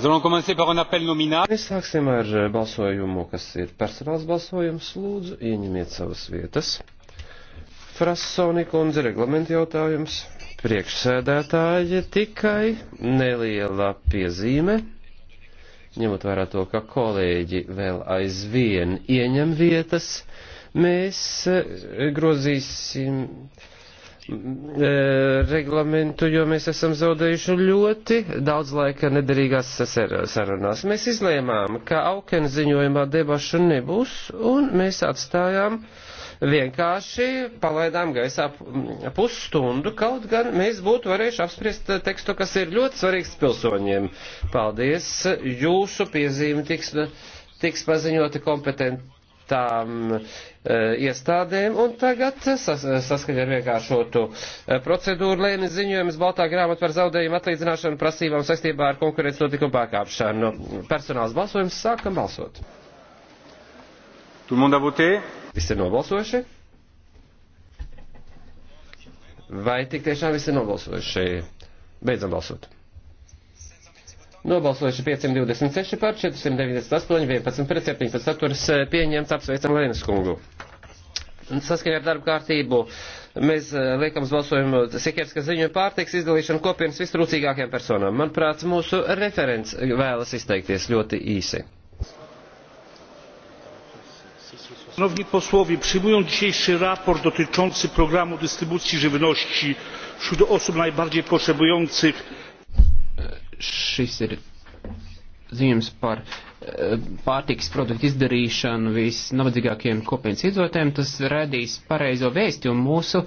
Mēs sāksim ar eh, balsojumu, kas ir personāls balsojums. Lūdzu, ieņemiet savas vietas. Frasoni kundze reglamenta jautājums. Priekšsēdētāji tikai neliela piezīme. Ņemot vērā to, ka kolēģi vēl aizvien ieņem vietas, mēs eh, grozīsim Mm, e, reglamentu, jo mēs esam zaudējuši ļoti daudz laika nederīgās sarunās. Mēs izlēmām, ka Auken ziņojumā debašu nebūs, un mēs atstājām vienkārši palaidām gaisā pusstundu, kaut gan mēs būtu varējuši apspriest tekstu, kas ir ļoti svarīgs pilsoņiem. Paldies, jūsu piezīme tiks, tiks paziņota kompetent tām e, iestādēm, un tagad sas, e, saskaņā ar vienkāršotu e, procedūru lēni ziņojums Baltā grāmata par zaudējumu atlīdzināšanu prasībām saistībā ar konkurences notikumu pārkāpšanu. Personāls balsojums sākam balsot. Visi ir nobalsojuši? Vai tik tiešām visi ir nobalsojuši? Beidzam balsot. Nobalsojuši 526 par 498, 11 pret 17 atturas eh, pieņemts, apsveicam Lēnas kungu. Saskaņā ar darba kārtību mēs eh, liekam uz balsojumu Sikerska ziņu pārtiks izdalīšanu kopienas vistrūcīgākajām personām. Manuprāt, mūsu referents vēlas izteikties ļoti īsi. Szanowni posłowie, przyjmując dzisiejszy raport dotyczący programu dystrybucji żywności wśród osób najbardziej potrzebujących šis ir ziņojums par eh, pārtiks produktu izdarīšanu visnabadzīgākiem kopienas iedzīvotājiem. Tas radīs pareizo vēstījumu mūsu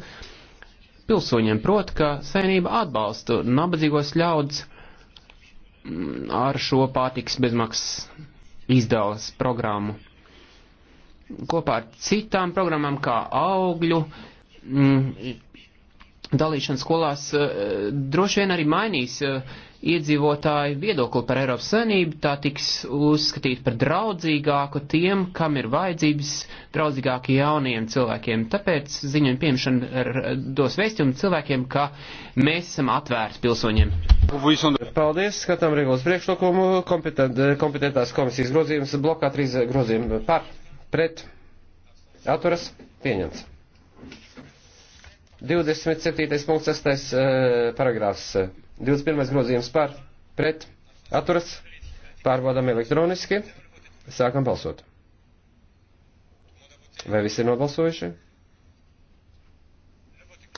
pilsoņiem, proti, ka savienība atbalsta nabadzīgos ļaudz mm, ar šo pārtiks bezmaksas izdevas programmu. Kopā ar citām programmām, kā augļu, mm, dalīšana skolās, eh, droši vien arī mainīs uh, iedzīvotāju viedokli par Eiropas Savienību, tā tiks uzskatīta par draudzīgāku tiem, kam ir vajadzības, draudzīgāku jauniem cilvēkiem. Tāpēc ziņojuma pieņemšana dos vēstījumu cilvēkiem, ka mēs esam atvērti pilsoņiem. Paldies, skatām regulas priekšlikumu, kompetent, kompetentās komisijas grozījums, blokā trīs grozījumi par, pret, atturas, pieņemts. 27. punkts 6. Eh, paragrāfs 21. grozījums par, pret, atturas, pārbaudām elektroniski, sākam balsot. Vai visi ir nobalsojuši?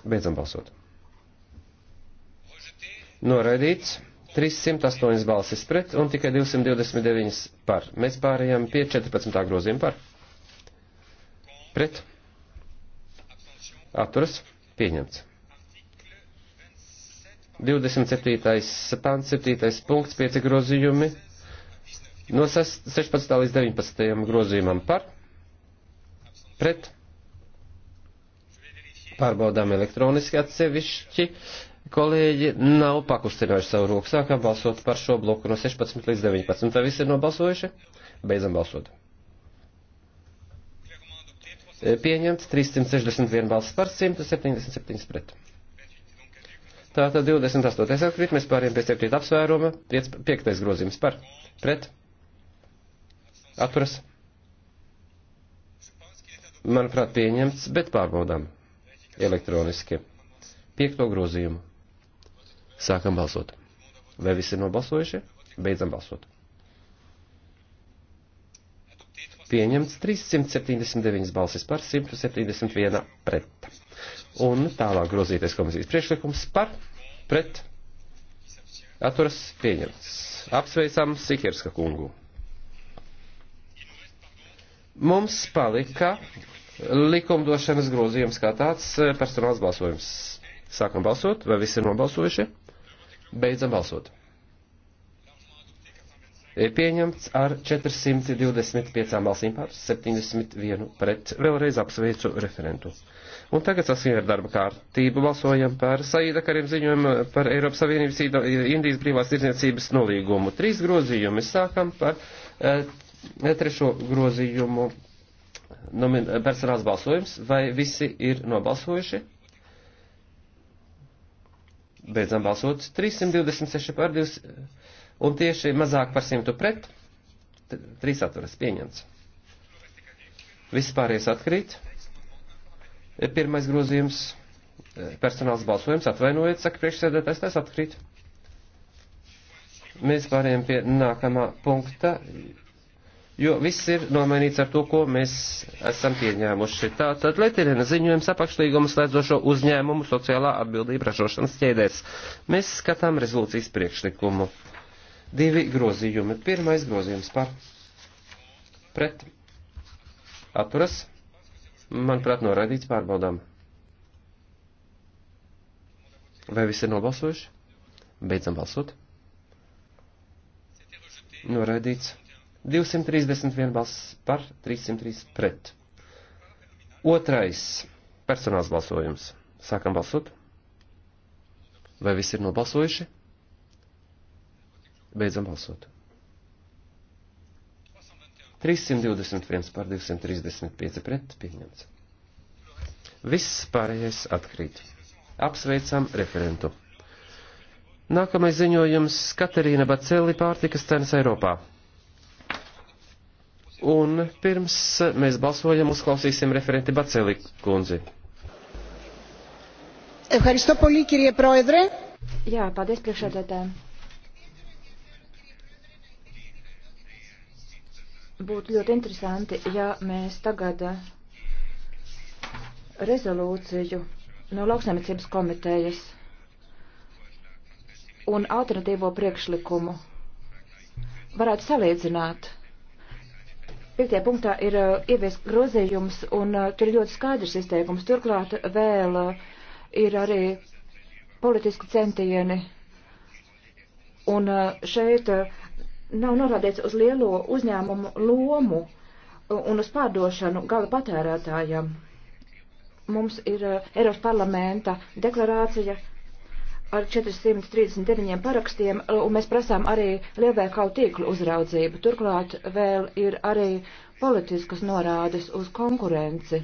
Beidzam balsot. Noraidīts 308 balsis pret un tikai 229 par. Mēs pārējām pie 14. grozījuma par. Pret. Atturas. Pieņemts. 27. pants, 7. punkts, 5 grozījumi no 16. līdz 19. grozījumam par, pret, pārbaudām elektroniski atsevišķi, kolēģi nav pakustinājuši savu roku, sākam balsot par šo bloku no 16 līdz 19. Tā visi ir nobalsojuši, beidzam balsot. Pieņemts 361 balsts par 177 pret. Tātad 28. atkrīt, mēs pāriem pie 7. apsvēruma, 5. grozījums par, pret, atturas, manuprāt, pieņemts, bet pārbaudām elektroniski. 5. grozījumu. Sākam balsot. Vai visi ir nobalsojuši? Beidzam balsot. Pieņemts 379 balsis par 171 pret. Un tālāk grozīties komisijas priekšlikums par pret atturas pieņemts. Apsveicam Sikerska kungu. Mums palika likumdošanas grozījums kā tāds eh, personāls balsojums. Sākam balsot, vai visi ir nobalsojuši? Beidzam balsot. E, pieņemts ar 425 balsīm pār 71 pret. Vēlreiz apsveicu referentu. Un tagad saskaņā ar darba kārtību balsojam par Saīda Karim ziņojumu par Eiropas Savienības Indijas brīvās tirdzniecības nolīgumu. Trīs grozījumi. Sākam par e, trešo grozījumu. Nomin, personāls balsojums. Vai visi ir nobalsojuši? Beidzam balsot. 326 par 2 un tieši mazāk par 100 pret. Trīs atturas pieņemts. Vispārējais atkrīt. Pirmais grozījums e, - personāls balsojums. Atvainojiet, saka priekšsēdētājs, tas atkrīt. Mēs pārējām pie nākamā punkta, jo viss ir nomainīts ar to, ko mēs esam pieņēmuši. Tātad Letirina ziņojums apakšlīgumu slēdzošo uzņēmumu sociālā atbildība ražošanas ķēdēs. Mēs skatām rezolūcijas priekšlikumu. Divi grozījumi. Pirmais grozījums par pret atturas Manuprāt, noraidīts pārbaudām. Vai visi ir nobalsojuši? Beidzam balsot. Noraidīts. 231 balss par, 303 pret. Otrais personāls balsojums. Sākam balsot. Vai visi ir nobalsojuši? Beidzam balsot. 321 par 235 pret pieņemts. Viss pārējais atkrīt. Apsveicam referentu. Nākamais ziņojums - Katerīna Baceli pārtikas cenas Eiropā. Un pirms mēs balsojam, uzklausīsim referenti Baceli kundzi. Ευχαριστώ πολύ κύριε Πρόεδρε. Jā, paldies priekšsēdētājiem. Būtu ļoti interesanti, ja mēs tagad eh, rezolūciju no lauksaimniecības komitejas un alternatīvo priekšlikumu varētu salīdzināt. Piektajā punktā ir uh, eh, ievies grozījums, un uh, tur ir ļoti skaidrs izteikums. Turklāt vēl uh, ir arī politiski centieni, un uh, šeit uh, nav norādīts uz lielo uzņēmumu lomu un uz pārdošanu gala patērētājiem. Mums ir eh, Eiropas parlamenta deklarācija ar 439 parakstiem, eh, un mēs prasām arī lielveikalu tīklu uzraudzību. Turklāt vēl ir arī politiskas norādes uz konkurenci,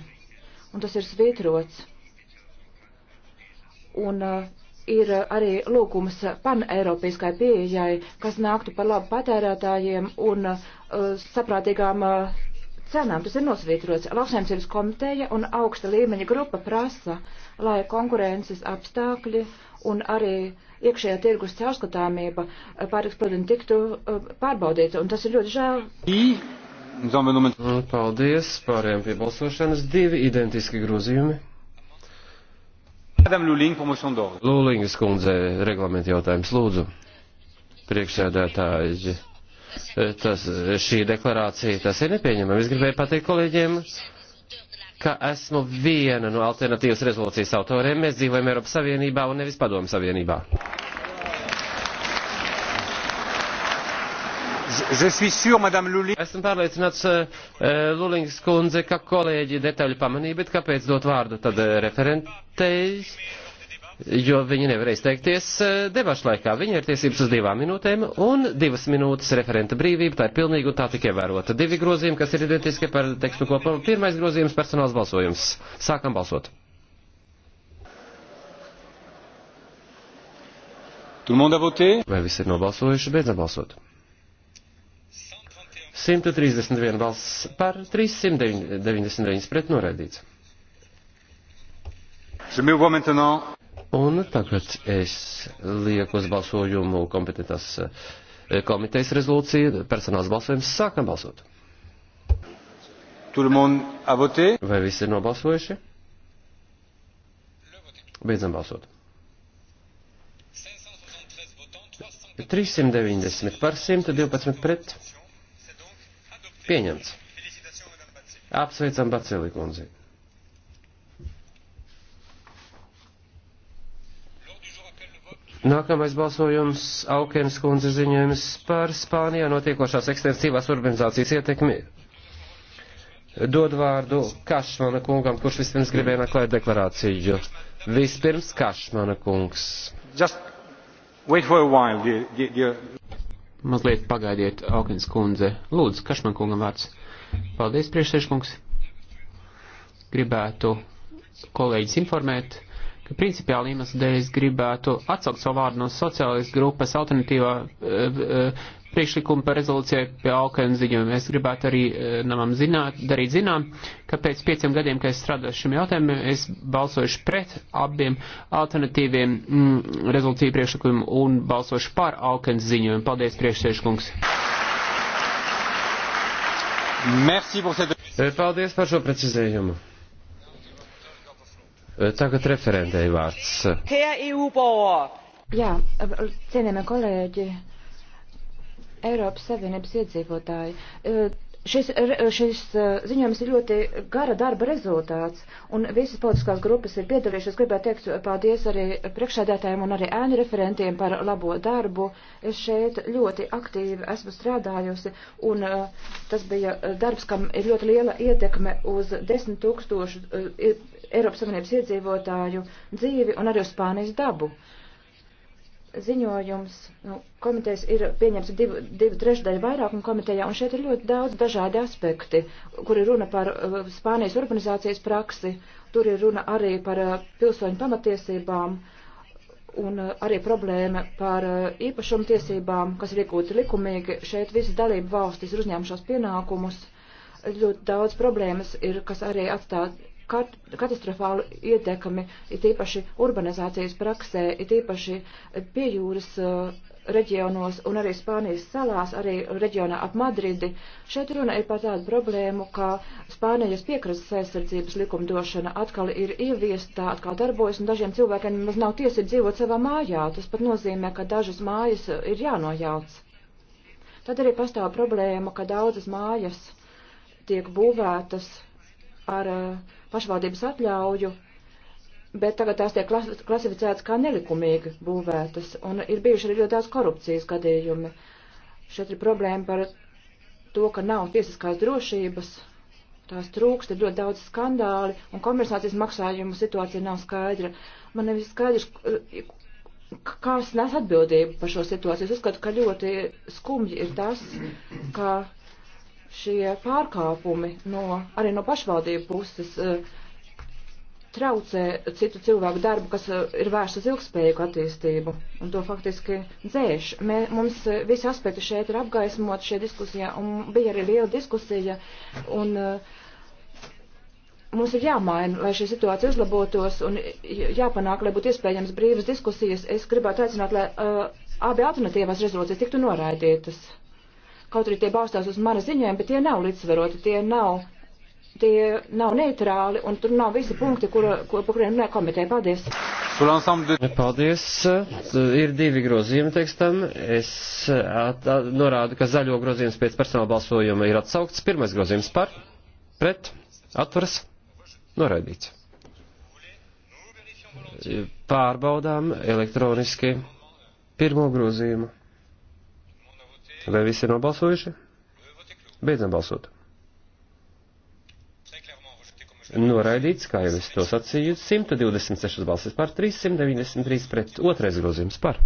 un tas ir svītrots. Un uh, ir eh, arī lūgums paneiropiskai pieejai, kas nāktu par labu patērētājiem un uh, saprātīgām uh, cenām. Tas ir nosvītrots. Lauksaimniecības komiteja un augsta līmeņa grupa prasa, lai konkurences apstākļi un arī iekšējā tirgus caurskatāmība pārtiks produktu tiktu uh, pārbaudīta. Un tas ir ļoti žēl. Nu, paldies. Pārējām pie balsošanas. Divi identiski grozījumi. Lūlīngas kundze, reglamenta jautājums lūdzu. Priekšsēdētāji, tas, šī deklarācija, tas ir nepieņemama. Es gribēju pateikt kolēģiem, ka esmu viena no alternatīvas rezolūcijas autoriem. Mēs dzīvojam Eiropas Savienībā un nevis Padomu Savienībā. Esmu pārliecināts, eh, eh, Lulings kundze, ka kolēģi detaļu pamanīja, bet kāpēc dot vārdu tad eh, referentei, jo viņi nevarēs teikties debašu laikā. Viņa ir tiesības uz divām minūtēm un divas minūtes referenta brīvība, tā ir pilnīgi un tā tik ievērota. Divi grozījumi, kas ir identiski par tekstu kopumu. Pirmais grozījums - personāls balsojums. Sākam balsot. Vai visi ir nobalsojuši? Beidzam balsot. 131 balss par 399 pret noraidīts. Un tagad es lieku uz balsojumu kompetentās eh, komitejas rezolūciju, personāls balsojums, sākam balsot. Vai visi ir nobalsojuši? Beidzam balsot. 390 par 112 pret Pieņemts. Apsveicam Baceli kundzi. Nākamais balsojums - Aukens kundze ziņojums par Spānijā notiekošās ekstensīvās urbanizācijas ietekmi. Dod vārdu Kašmana kungam, kurš vispirms gribēja meklēt deklarāciju. Vispirms Kašmana kungs. Just wait for a while, dear, dear. Mazliet pagaidiet, Aukins kundze. Lūdzu, Kašman kungam vārds. Paldies, priekšsēžkungs. Gribētu kolēģis informēt, ka principiāli iemesla dēļ es gribētu atsaukt savu vārdu no sociālistu grupas alternatīvā eh, eh, priekšlikumu par rezolūcijai pie Alkaina ziņojuma. Es gribētu arī eh, namam zināt, darīt zinām, ka pēc pieciem gadiem, kad es strādāju šim jautājumam, es balsošu pret abiem alternatīviem mm, rezolūciju priekšlikumu un balsošu par Alkaina ziņojumu. Paldies, priekšsēžkungs! Eh, paldies par šo precizējumu. Eh, tagad referentei vārds. E Jā, cienījamie kolēģi, Eiropas Savienības iedzīvotāji. Eh, šis, šis eh, ziņojums ir ļoti gara darba rezultāts, un visas politiskās grupas ir piedalījušās. Gribētu teikt paldies arī priekšsēdētājiem un arī ēnu referentiem par labo darbu. Es šeit ļoti aktīvi esmu strādājusi, un eh, tas bija darbs, kam ir ļoti liela ietekme uz desmit tūkstošu Eiropas Savienības iedzīvotāju dzīvi un arī uz Spānijas dabu. Uh, ziņojums nu, komitejas ir pieņemts divu, divu trešdaļu vairākumu komitejā, un šeit ir ļoti daudz dažādi aspekti, kur ir runa par uh, Spānijas urbanizācijas praksi, tur ir runa arī par uh, pilsoņu pamatiesībām, un uh, arī problēma par uh, īpašumu tiesībām, kas ir iegūti likumīgi. Šeit visas dalību valstis ir uzņēmušās pienākumus. Ļoti daudz problēmas ir, kas arī atstāja kat katastrofālu ietekmi, ir tīpaši urbanizācijas praksē, ir tīpaši pie jūras uh, reģionos un arī Spānijas salās, arī reģionā ap Madridi. Šeit runa ir par tādu problēmu, ka Spānijas piekrastes aizsardzības likumdošana atkal ir ieviesta, atkal darbojas, un dažiem cilvēkiem maz nav tiesība dzīvot savā mājā. Tas pat nozīmē, ka dažas mājas uh, ir jānojauc. Tad arī pastāv problēma, ka daudzas mājas tiek būvētas ar eh, pašvaldības atļauju, bet tagad tās tiek klasificētas kā nelikumīgi būvētas, un ir bijuši arī ļoti daudz korupcijas gadījumi. Šeit ir problēma par to, ka nav tiesiskās drošības, tās trūkst, ir ļoti daudz skandāli, un kompensācijas maksājumu situācija nav skaidra. Man nevis skaidrs, eh, kas nes atbildību par šo situāciju. Es uzskatu, ka ļoti skumji ir tas, ka šie pārkāpumi no, arī no pašvaldību puses eh, traucē citu cilvēku darbu, kas eh, ir vērsts uz ilgspējīgu attīstību, un to faktiski dzēš. Mē, mums eh, visi aspekti šeit ir apgaismot šie diskusijā, un bija arī liela diskusija, un mums ir jāmaina, lai šī situācija uzlabotos, un jāpanāk, lai būtu iespējams brīvas diskusijas. Es gribētu aicināt, lai uh, abi alternatīvās rezolūcijas tiktu noraidītas. Kaut arī tie balstās uz mana ziņojuma, bet tie nav līdzsvaroti, tie nav, tie nav neitrāli un tur nav visi punkti, kura, ko, par kuriem runāja komiteja. Paldies! Paldies! Ir divi grozījumi tekstam. Es at, at, norādu, ka zaļo grozījums pēc personāla balsojuma ir atsaukts. Pirmais grozījums par, pret, atveras, noraidīts pārbaudām elektroniski pirmo grozījumu. Vai visi ir nobalsojuši? Beidzam balsot. Noraidīts, kā jau es to sacīju, 126 balsis par, 393 pret, otrais grozījums par.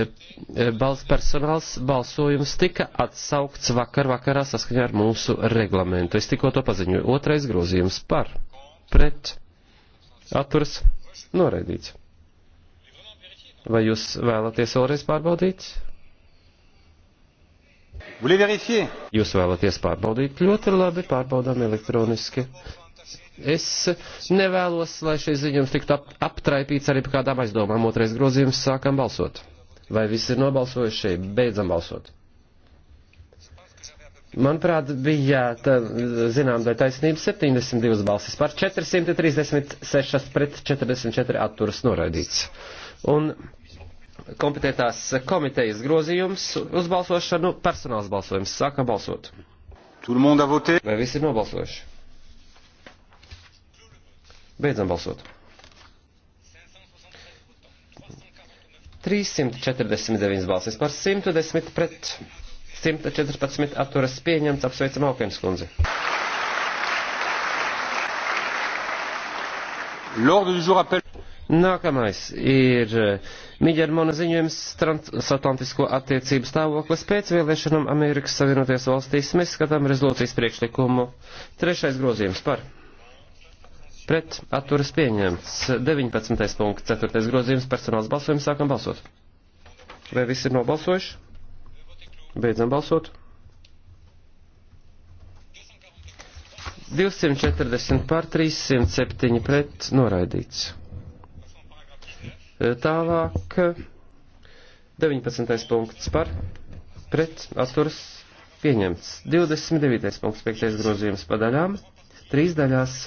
E, e, balss personāls balsojums tika atsaukts vakar vakarā saskaņā ar mūsu reglamentu. Es tikko to paziņoju. Otrais grozījums par, pret, atturas, noraidīts. Vai jūs vēlaties vēlreiz pārbaudīt? Jūs vēlaties pārbaudīt? Ļoti labi, pārbaudām elektroniski. Es nevēlos, lai šis ziņojums tiktu ap, aptraipīts arī par kādām aizdomām. Otrais grozījums sākam balsot. Vai visi ir nobalsojuši? Beidzam balsot. Manuprāt, bija, tā, zinām, daļa taisnība 72 balsis par 436 pret 44 atturas noraidīts. Un kompetentās komitejas grozījums uz balsošanu personāls balsojums. Sākam balsot. Vai visi ir nobalsojuši? Beidzam balsot. 349 balsis par 110 pret 114 atturas pieņemts. Apsveicam Aukens kundzi. L'ordre du jour appelle Nākamais ir eh, Miģermona ziņojums transatlantisko attiecību stāvoklis pēc vēlēšanām Amerikas Savienoties valstīs. Mēs skatām rezolūcijas priekšlikumu. Trešais grozījums par. Pret atturas pieņemts. 19. punkts. 4. grozījums. Personāls balsojums. Sākam balsot. Vai visi ir nobalsojuši? Beidzam balsot. 240 pār 307 pret noraidīts. Tālāk 19. punkts par pret atturas pieņemts. 29. punkts 5. grozījums padaļām. Trīs daļās.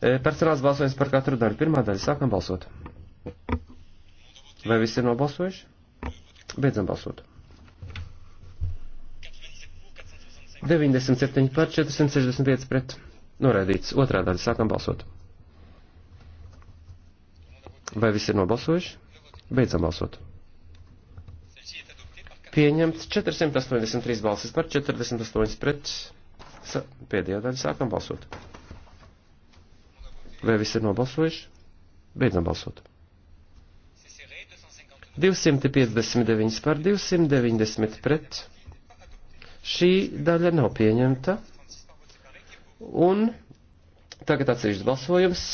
E, personāls balsojums par katru daļu. Pirmā daļa. Sākam balsot. Vai visi ir nobalsojuši? Beidzam balsot. 97 par 465 pret. Noraidīts. Otrā daļa. Sākam balsot. Vai visi ir nobalsojuši? Beidzam balsot. Pieņemts 483 balsis par 48 pret. Sa pēdējā daļa sākam balsot. Vai visi ir nobalsojuši? Beidzam balsot. 259 par 290 pret. Šī daļa nav pieņemta. Un tagad atsevišķi balsojums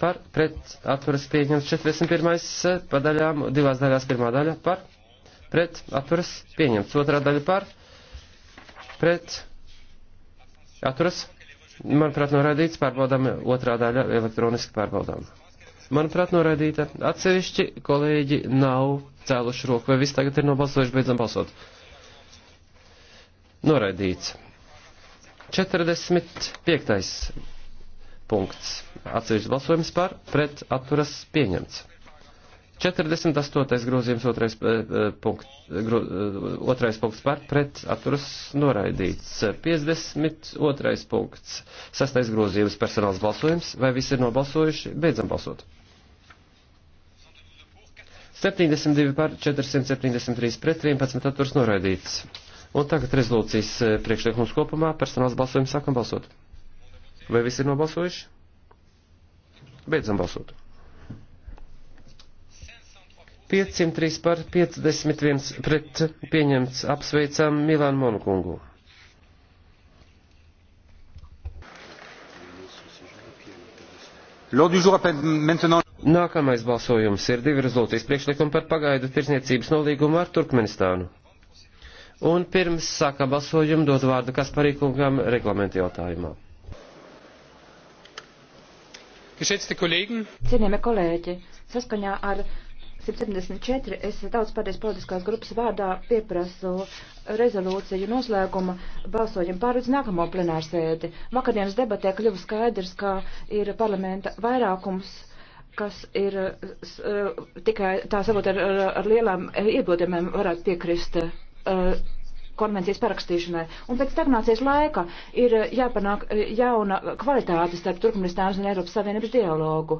par pret atturas pieņemts 41. Eh, padaļām, divās daļās pirmā daļa par pret atturas pieņemts otrā daļa par pret atturas. Manuprāt, noraidīts pārbaudām otrā daļa elektroniski pārbaudām. Manuprāt, noraidīta. Atsevišķi kolēģi nav cēluši roku, vai viss tagad ir nobalsojuši, beidzam balsot. Noraidīts. 45 punkts. Atsevišķi balsojums par pret atturas pieņemts. 48. grozījums, otrais, eh, eh, punkt, eh, gro, otrais punkts par pret atturas noraidīts. 52. punkts, sastais grozījums, personāls balsojums, vai visi ir nobalsojuši, beidzam balsot. 72 par 473 pret 11 atturs noraidīts. Un tagad rezolūcijas priekšlikums kopumā, personāls balsojums, sākam balsot. Vai visi ir nobalsojuši? Beidzam balsot. 503 par 51 pret pieņemts apsveicam Milānu Monkungu. Nākamais balsojums ir divi rezolūcijas priekšlikumi par pagaidu tirsniecības nolīgumu ar Turkmenistānu. Un pirms sākā balsojumu dot vārdu Kasparīkungam reglamentu jautājumā. Cienījamie kolēģi, saskaņā ar 174 es daudz pārējais politiskās grupas vārdā pieprasu rezolūciju noslēguma balsojumu pār uz nākamo plenārsēdi. Vakardienas debatē kļuva skaidrs, ka ir parlamenta vairākums kas ir s, eh, tikai tā savot ar, ar, ar lielām eh, iebildēm varētu piekrist. Uh, konvencijas parakstīšanai. Un pēc stagnācijas laika ir eh, jāpanāk eh, jauna kvalitāte starp Turkmenistānas un Eiropas Savienības dialogu.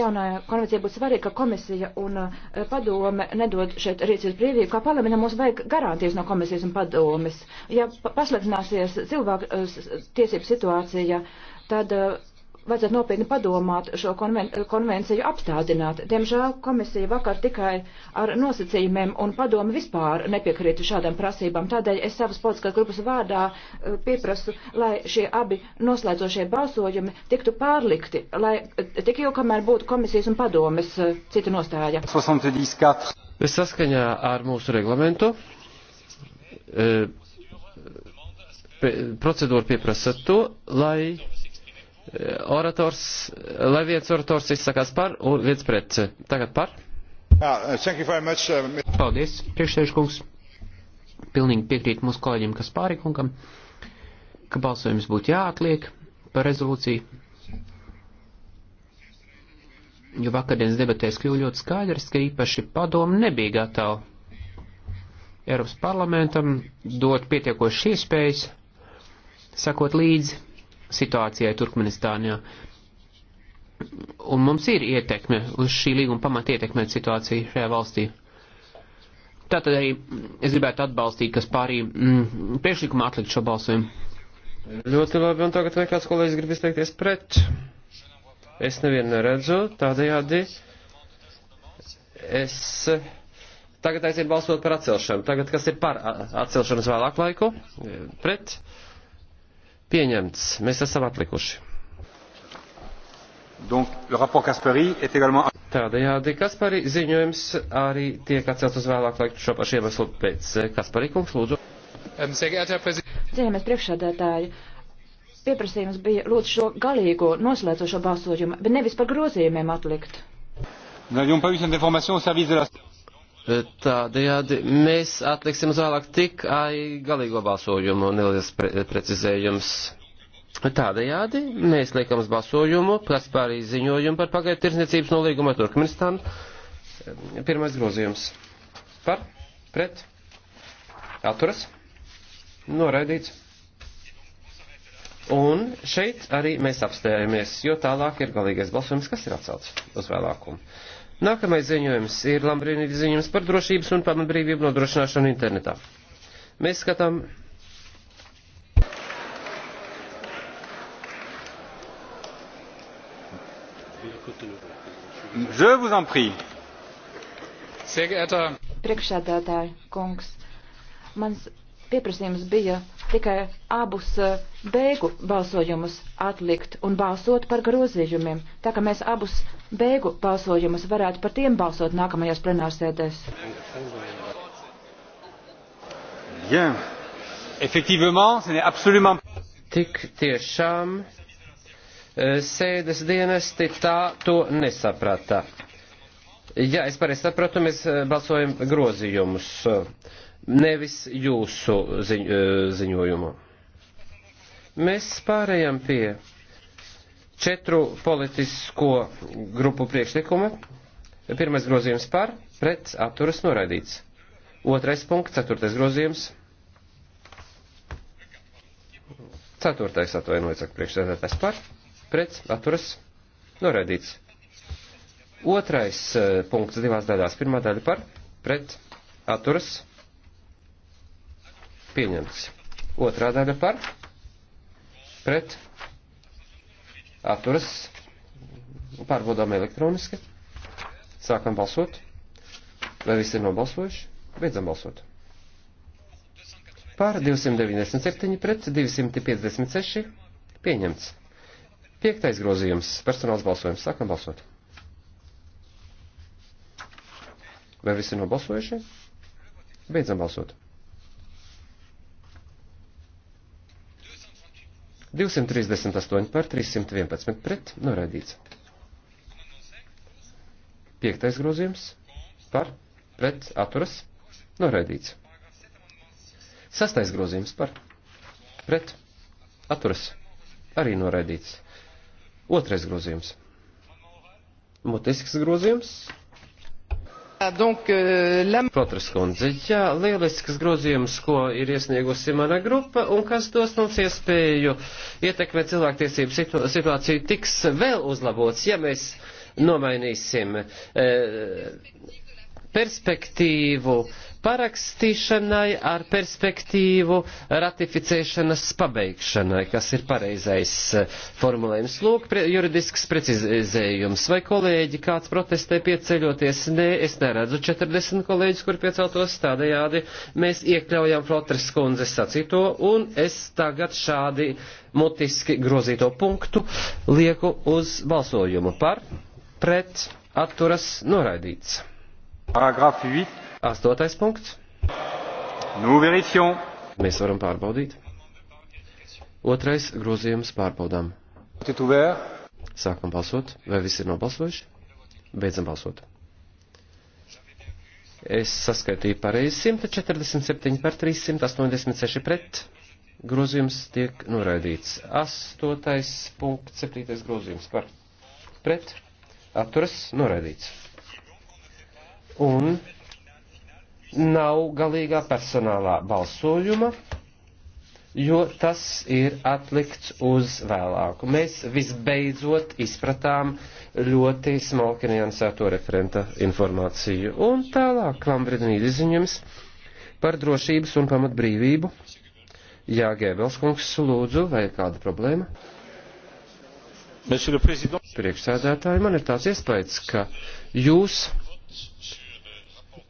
Jaunajā konvencijā būtu svarīgi, ka komisija un eh, padome nedod šeit rīcības brīvību, kā parlamentam mums vajag garantijas no komisijas un padomes. Ja pasliktināsies cilvēku tiesību situācija, tad uh, vajadzētu nopietni padomāt šo konven konvenciju apstādināt. Diemžēl komisija vakar tikai ar nosacījumiem un padomu vispār nepiekrītu šādām prasībām. Tādēļ es savas politiskās grupas vārdā eh, pieprasu, lai šie abi noslēdzošie balsojumi tiktu pārlikti, lai eh, tik ilgi, kamēr būtu komisijas un padomes eh, cita nostāja. Saskaņā ar mūsu reglamentu. E, procedūra pieprasa to, lai orators, lai viens orators izsakās par un viens pret. Tagad par. Uh, Paldies, priekšsēžkungs. Pilnīgi piekrīt mūsu kolēģim Kaspārikungam, ka balsojums būtu jāatliek par rezolūciju. Jo vakardienas debatēs kļuva ļoti skaidrs, ka īpaši padomu nebija gatava Eiropas parlamentam dot pietiekošas iespējas, sakot līdzi situācijai Turkmenistānā. Un mums ir ietekme uz šī līguma pamata ietekmēt situāciju šajā valstī. Tātad arī es gribētu atbalstīt, kas pārī mm, priekšlikumā atlikt šo balsojumu. Ļoti labi, un tagad vai kāds kolēģis grib izteikties pret? Es nevienu neredzu, tādējādi es tagad aizinu balsot par atcelšanu. Tagad kas ir par atcelšanas vēlāk laiku? Pret? Pieņemts. Mēs esam atlikuši. Donc, le rapport Kasperi est également... Tādējādi Kaspari ziņojums arī tiek atcelts uz vēlāku laiku šo pašu iemeslu pēc. Kaspari kungs, lūdzu. Ähm, Cienījamies priekšsādātāji. Pieprasījums bija lūdzu šo galīgo noslēdzošo balsojumu, bet nevis par grozījumiem atlikt. Nous n'avions pas eu cette information au service de la... Tādējādi mēs atliksim uz vēlāk tikai galīgo balsojumu, neliels pre precizējums. Tādējādi mēs liekam uz balsojumu, kas pārī ziņojumu par pagaidu tirsniecības nolīgumu ar Turkmenistānu. Pirmais grozījums. Par, pret, atturas, noraidīts. Un šeit arī mēs apstējamies, jo tālāk ir galīgais balsojums, kas ir atcelts uz vēlākumu. Nākamais ziņojums ir Lambrīnītis ziņojums par drošības un pamatbrīvību nodrošināšanu internetā. Mēs skatām. Je vous en prie. Sehr geehrter priekšsēdētāji, kungs, mans pieprasījums bija tikai abus eh, beigu balsojumus atlikt un balsot par grozījumiem, tā ka mēs abus beigu balsojumus, varētu par tiem balsot nākamajās plenārsēdēs. Tik tiešām eh, sēdes dienesti tā to nesaprata. Ja es pareizi sapratu, mēs eh, balsojam grozījumus, eh, nevis jūsu ziņojumu. Mēs pārējām pie četru politisko grupu priekšlikumu. Pirmais grozījums par, pret, atturas noraidīts. Otrais punkts, ceturtais grozījums. Ceturtais atvainojas, saka priekšsēdētājs par, pret, atturas noraidīts. Otrais e, punkts divās daļās. Pirmā daļa par, pret, atturas pieņemts. Otrā daļa par, pret, atturas pārbaudām elektroniski. Sākam balsot. Vai visi ir nobalsojuši? Beidzam balsot. Pār 297 pret 256 pieņemts. Piektais grozījums - personāls balsojums. Sākam balsot. Vai visi ir nobalsojuši? Beidzam balsot. 238 par 311 pret noraidīts. Piektais grozījums par pret atturas noraidīts. Sastais grozījums par pret atturas arī noraidīts. Otrais grozījums. Mutisks grozījums Uh, uh, Protras kundze, jā, lielisks grozījums, ko ir iesniegusi mana grupa un kas dos mums iespēju ietekmēt cilvēktiesību situ situāciju, tiks vēl uzlabots, ja mēs nomainīsim e, perspektīvu parakstīšanai ar perspektīvu ratificēšanas pabeigšanai, kas ir pareizais eh, formulējums. Lūk, pre, juridisks precizējums. Vai kolēģi kāds protestē pieceļoties? Nē, es neredzu 40 kolēģis, kur pieceltos tādējādi. Mēs iekļaujam Flotras kundzes sacīto, un es tagad šādi mutiski grozīto punktu lieku uz balsojumu par, pret, atturas, noraidīts. Paragraf 8. Astotais punkts. Nu, verifijon. Mēs varam pārbaudīt. Otrais grozījums pārbaudām. Sākam balsot. Vai visi ir nobalsojuši? Beidzam balsot. Es saskaitīju pareizi 147 par 386 pret. Grozījums tiek noraidīts. Astotais punkts, septītais grozījums par pret. Apturas noraidīts. Un nav galīgā personālā balsojuma, jo tas ir atlikts uz vēlāku. Mēs visbeidzot izpratām ļoti smalki niansēto referenta informāciju. Un tālāk Lambridnīdi ziņojums par drošības un pamatbrīvību. Jā, Gēbelskungs, lūdzu, vai ir kāda problēma? Priekšsēdētāji, man ir tāds iespējas, ka jūs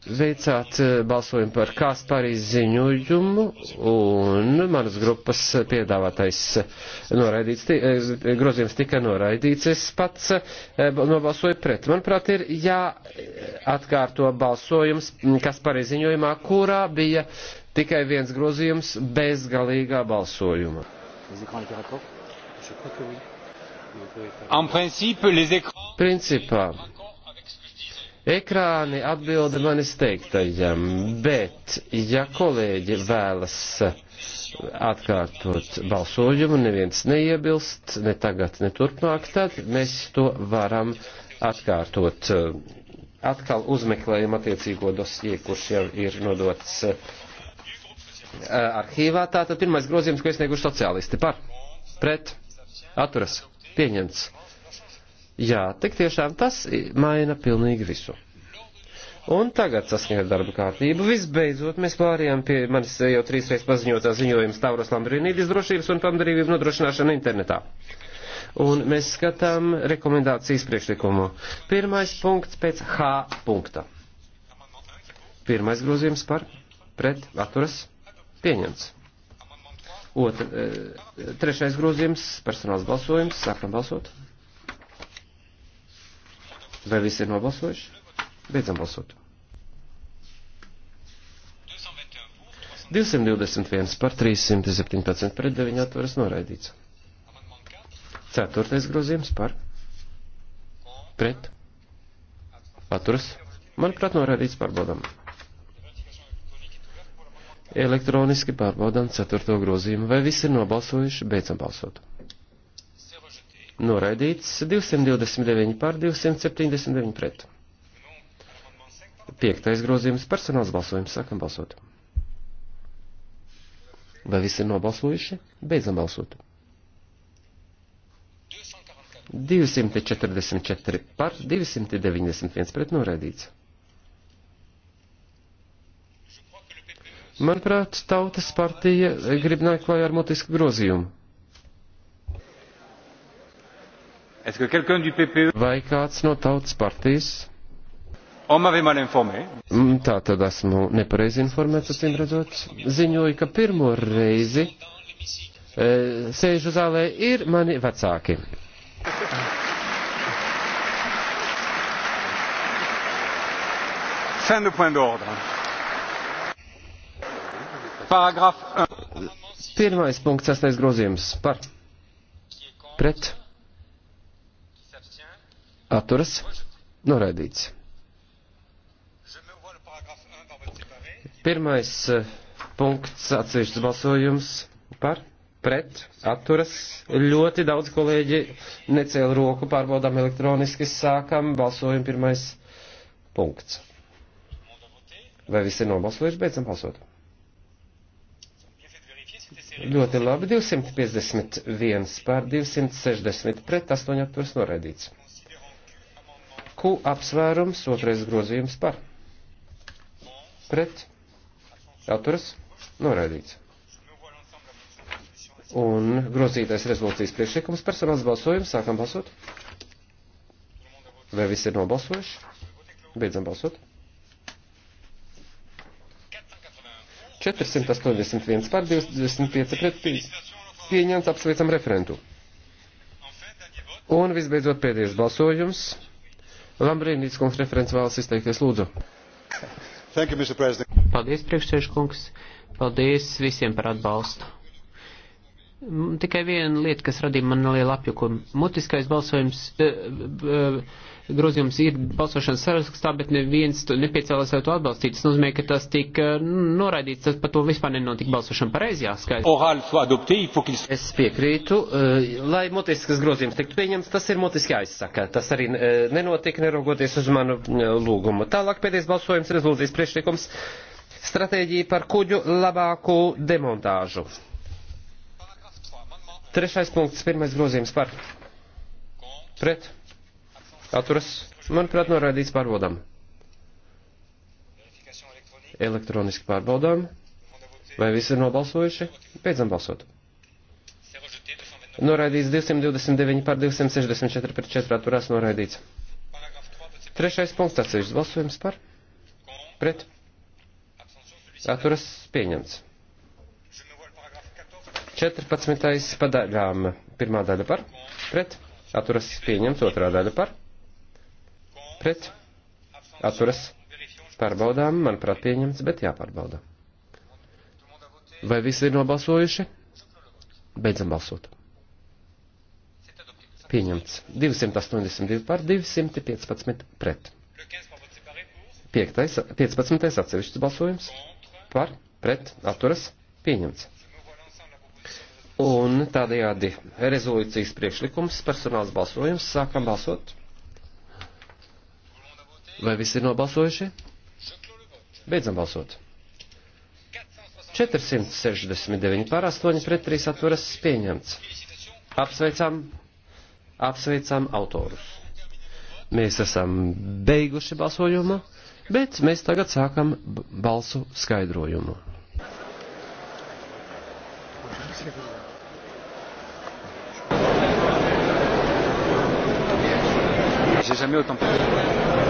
veicāt eh, balsojumu par Kāsparīs ziņojumu un manas grupas piedāvātais noraidīts, eh, grozījums tika noraidīts. Es pats eh, nobalsoju pret. Manuprāt, ir jāatkārto balsojums Kāsparīs ziņojumā, kurā bija tikai viens grozījums bez galīgā balsojuma. Principā Ekrāni atbilda manis teiktajam, bet ja kolēģi vēlas atkārtot balsojumu, neviens neiebilst, ne tagad, ne turpmāk, tad mēs to varam atkārtot. Atkal uzmeklējam attiecīgo dosie, kurš jau ir nodots eh, arhīvā. Tātad pirmais grozījums, ko iesnieguši sociālisti par, pret, atturas, pieņemts. Jā, tik tiešām tas maina pilnīgi visu. Un tagad saskaņot darba kārtību. Visbeidzot, mēs pārējām pie manis jau trīsreiz paziņotā ziņojuma Stavros Lambrinīdis drošības un pamdarību nodrošināšana internetā. Un mēs skatām rekomendācijas priekšlikumu. Pirmais punkts pēc H punkta. Pirmais grozījums par pret atturas pieņemts. Otra, eh, trešais grozījums personāls balsojums. Sākam balsot. Vai visi ir nobalsojuši? Beidzam balsot. 221 par 317 pret 9 atveras noraidīts. Ceturtais grozījums par pret atturas. Manuprāt, noraidīts pārbaudām. Elektroniski pārbaudām ceturto grozījumu. Vai visi ir nobalsojuši? Beidzam balsot. 221 noraidīts 229 pār 279 pret. Piektais grozījums - personāls balsojums. Sākam balsot. Vai visi ir nobalsojuši? Beidzam balsot. 244 par 291 pret noraidīts. Manuprāt, tautas partija grib nākt klājā ar mutisku grozījumu. E? Vai kāds no tautas partijas? Mm, tā tad esmu nepareizi informēts, acīm redzot, ziņoju, ka pirmo reizi e, sēžu zālē ir mani vecāki. Fin de point d'ordre. Paragraf 1. Pirmais punkts, sastais grozījums par pret atturas noraidīts. Pirmais eh, punkts atsevišķs balsojums par, pret, atturas. Ļoti daudz kolēģi necēla roku, pārbaudām elektroniski, sākam balsojumu pirmais punkts. Vai visi ir nobalsojuši, beidzam balsot? Ļoti labi, 251 pār 260 pret, 8 atturas noraidīts. Q apsvērums, otrais grozījums par. Pret. Atturas. Noraidīts. Un grozītais rezolūcijas priekšlikums personāls balsojums. Sākam balsot. Vai visi ir nobalsojuši? Beidzam balsot. 481 par 25 pret pieņemts apsveicam referentu. Un visbeidzot pēdējais balsojums. Lambrīnīts kungs referents vēlas izteikties, lūdzu. Thank you, Mr. President. Paldies, priekšsēžkungs. Paldies visiem par atbalstu. Tikai viena lieta, kas radīja man nelielu apjukumu. Mutiskais balsojums, eh, eh, grozījums ir balsošanas sarakstā, bet neviens to nepiecēlās, lai to atbalstītu. Tas nozīmē, ka tas tika eh, noraidīts, tas par to vispār nenotika balsošana pareizajā skaitā. Es piekrītu, lai mutiskas grozījums tiktu pieņemts, tas ir mutiski aizsaka. Tas arī nenotika, neraugoties uz manu lūgumu. Tālāk pēdējais balsojums rezolūcijas priekšlikums stratēģija par kuģu labāku demontāžu. Trešais punkts, pirmais grozījums par. Pret. Atturas. Manuprāt, noraidīts pārbaudām. Elektroniski pārbaudām. Vai visi ir nobalsojuši? Beidzam balsot. Noraidīts 229 par 264 par 4 atturās noraidīts. Trešais punkts atsevišķis balsojums par. Pret. Atturas pieņemts. 14. padaļām. Pirmā daļa par, pret, atturas pieņemts, otrā daļa par, pret, atturas pārbaudām, manuprāt, pieņemts, bet jāpārbauda. Vai visi ir nobalsojuši? Beidzam balsot. Pieņemts 282 par 215 pret. 5. 15. atsevišķs balsojums par, pret, atturas, pieņemts. Un tādējādi rezolūcijas priekšlikums, personāls balsojums, sākam balsot. Vai visi ir nobalsojuši? Beidzam balsot. 469 pār 8 pret 3 atturas pieņemts. Apsveicam, apsveicam autorus. Mēs esam beiguši balsojumu, bet mēs tagad sākam balsu skaidrojumu. J'ai jamais autant parlé.